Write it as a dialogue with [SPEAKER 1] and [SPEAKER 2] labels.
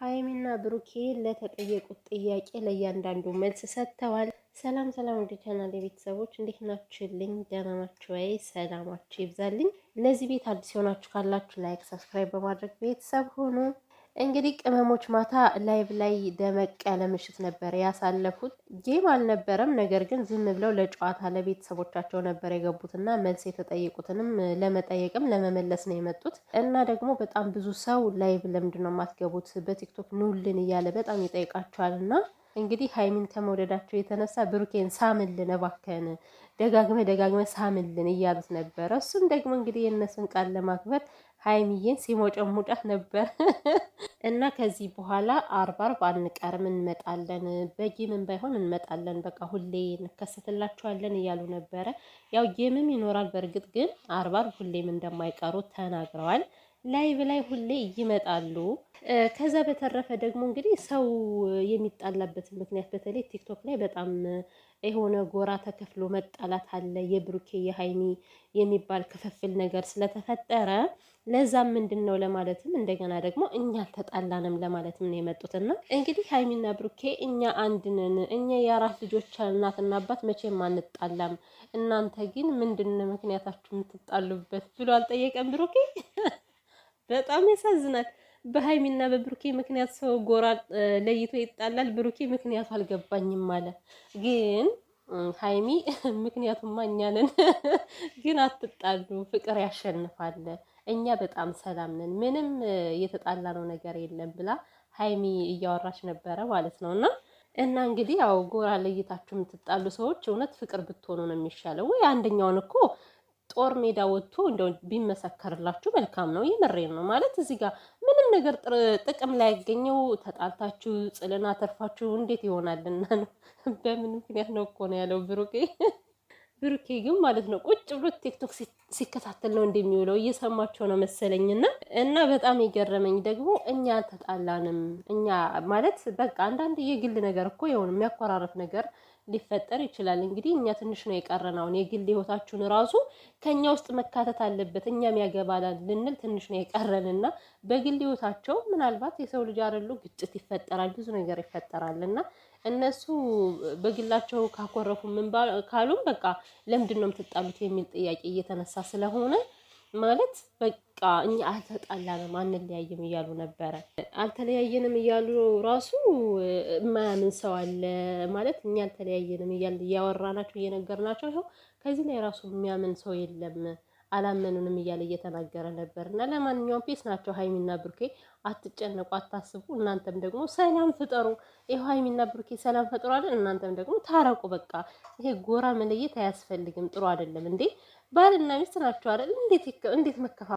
[SPEAKER 1] ሀይሚና ብሩኬ ለተጠየቁት ጥያቄ ለእያንዳንዱ መልስ ሰጥተዋል። ሰላም ሰላም፣ ወደ ቻናል የቤተሰቦች እንዴት ናችሁልኝ? ደህና ናችሁ ወይ? ሰላማችሁ ይብዛልኝ። ለዚህ ቤት አዲስ የሆናችሁ ካላችሁ ላይክ፣ ሰብስክራይብ በማድረግ ቤተሰብ ሆኖ እንግዲህ ቅመሞች ማታ ላይቭ ላይ ደመቅ ያለ ምሽት ነበር ያሳለፉት። ጌም አልነበረም፣ ነገር ግን ዝም ብለው ለጨዋታ ለቤተሰቦቻቸው ነበር የገቡትና መልስ የተጠየቁትንም ለመጠየቅም ለመመለስ ነው የመጡት። እና ደግሞ በጣም ብዙ ሰው ላይቭ ለምንድን ነው የማትገቡት በቲክቶክ ኑልን እያለ በጣም ይጠይቃቸዋል እና እንግዲህ ሀይሚን ከመውደዳቸው የተነሳ ብሩኬን ሳምልን እባክህን ደጋግመ ደጋግመ ሳምልን እያሉት ነበረ። እሱም ደግሞ እንግዲህ የእነሱን ቃል ለማክበር ሀይሚዬን ሲሞጨሙጫት ነበር እና ከዚህ በኋላ አርባር አርብ አንቀርም እንመጣለን፣ በጌምም ባይሆን እንመጣለን፣ በቃ ሁሌ እንከሰትላቸዋለን እያሉ ነበረ። ያው ጌምም ይኖራል በእርግጥ ግን አርባር ሁሌም እንደማይቀሩ ተናግረዋል። ላይቭ ላይ ሁሌ ይመጣሉ። ከዛ በተረፈ ደግሞ እንግዲህ ሰው የሚጣላበት ምክንያት በተለይ ቲክቶክ ላይ በጣም የሆነ ጎራ ተከፍሎ መጣላት አለ። የብሩኬ የሀይሚ የሚባል ክፍፍል ነገር ስለተፈጠረ ለዛም ምንድን ነው ለማለትም እንደገና ደግሞ እኛ አልተጣላንም ለማለትም ነው የመጡትና እንግዲህ ሀይሚና ብሩኬ እኛ አንድነን እኛ የአራት ልጆች እናትና አባት መቼም አንጣላም። እናንተ ግን ምንድን ምክንያታችሁ የምትጣሉበት ብሎ አልጠየቀም ብሩኬ በጣም ያሳዝናል። በሀይሚና በብሩኬ ምክንያት ሰው ጎራ ለይቶ ይጣላል። ብሩኬ ምክንያቱ አልገባኝም አለ። ግን ሀይሚ ምክንያቱማ እኛ ነን። ግን አትጣሉ፣ ፍቅር ያሸንፋል። እኛ በጣም ሰላም ነን፣ ምንም የተጣላ ነው ነገር የለም ብላ ሀይሚ እያወራች ነበረ ማለት ነው እና እና እንግዲህ ያው ጎራ ለይታችሁ የምትጣሉ ሰዎች እውነት ፍቅር ብትሆኑ ነው የሚሻለው ወይ አንደኛውን እኮ ጦር ሜዳ ወጥቶ እንደው ቢመሰከርላችሁ መልካም ነው። የምሬን ነው ማለት እዚህ ጋር ምንም ነገር ጥቅም ላይ ያገኘው ተጣልታችሁ ጽልና ተርፋችሁ እንዴት ይሆናልና ነው። በምን ምክንያት ነው እኮ ነው ያለው ብሩኬ። ብሩኬ ግን ማለት ነው ቁጭ ብሎ ቲክቶክ ሲከታተል ነው እንደሚውለው እየሰማቸው ነው መሰለኝና እና በጣም የገረመኝ ደግሞ እኛ ተጣላንም እኛ ማለት በቃ አንዳንድ የግል ነገር እኮ የሆነ የሚያኮራረፍ ነገር ሊፈጠር ይችላል። እንግዲህ እኛ ትንሽ ነው የቀረን። አሁን የግል ህይወታችሁን ራሱ ከኛ ውስጥ መካተት አለበት እኛም ያገባላል ልንል ትንሽ ነው የቀረን እና በግል ህይወታቸው ምናልባት የሰው ልጅ አይደሉ ግጭት ይፈጠራል፣ ብዙ ነገር ይፈጠራል እና እነሱ በግላቸው ካኮረፉ ምን ካሉም በቃ ለምንድን ነው የምትጣሉት የሚል ጥያቄ እየተነሳ ስለሆነ ማለት በቃ እኛ አልተጣላንም አንለያየም እያሉ ነበረ። አልተለያየንም እያሉ ራሱ የማያምን ሰው አለ ማለት እኛ አልተለያየንም እያል እያወራናቸው እየነገርናቸው ይኸው ከዚህ ላይ ራሱ የሚያምን ሰው የለም። አላመኑንም እያለ እየተናገረ ነበር። እና ለማንኛውም ፔስ ናቸው ሀይሚና ብሩኬ፣ አትጨነቁ፣ አታስቡ። እናንተም ደግሞ ሰላም ፍጠሩ። ይኸው ሀይሚና ብሩኬ ሰላም ፈጥሯለን። እናንተም ደግሞ ታረቁ። በቃ ይሄ ጎራ መለየት አያስፈልግም። ጥሩ አይደለም እንዴ? ባልና ሚስት ናቸው አይደል? እንዴት መከፋ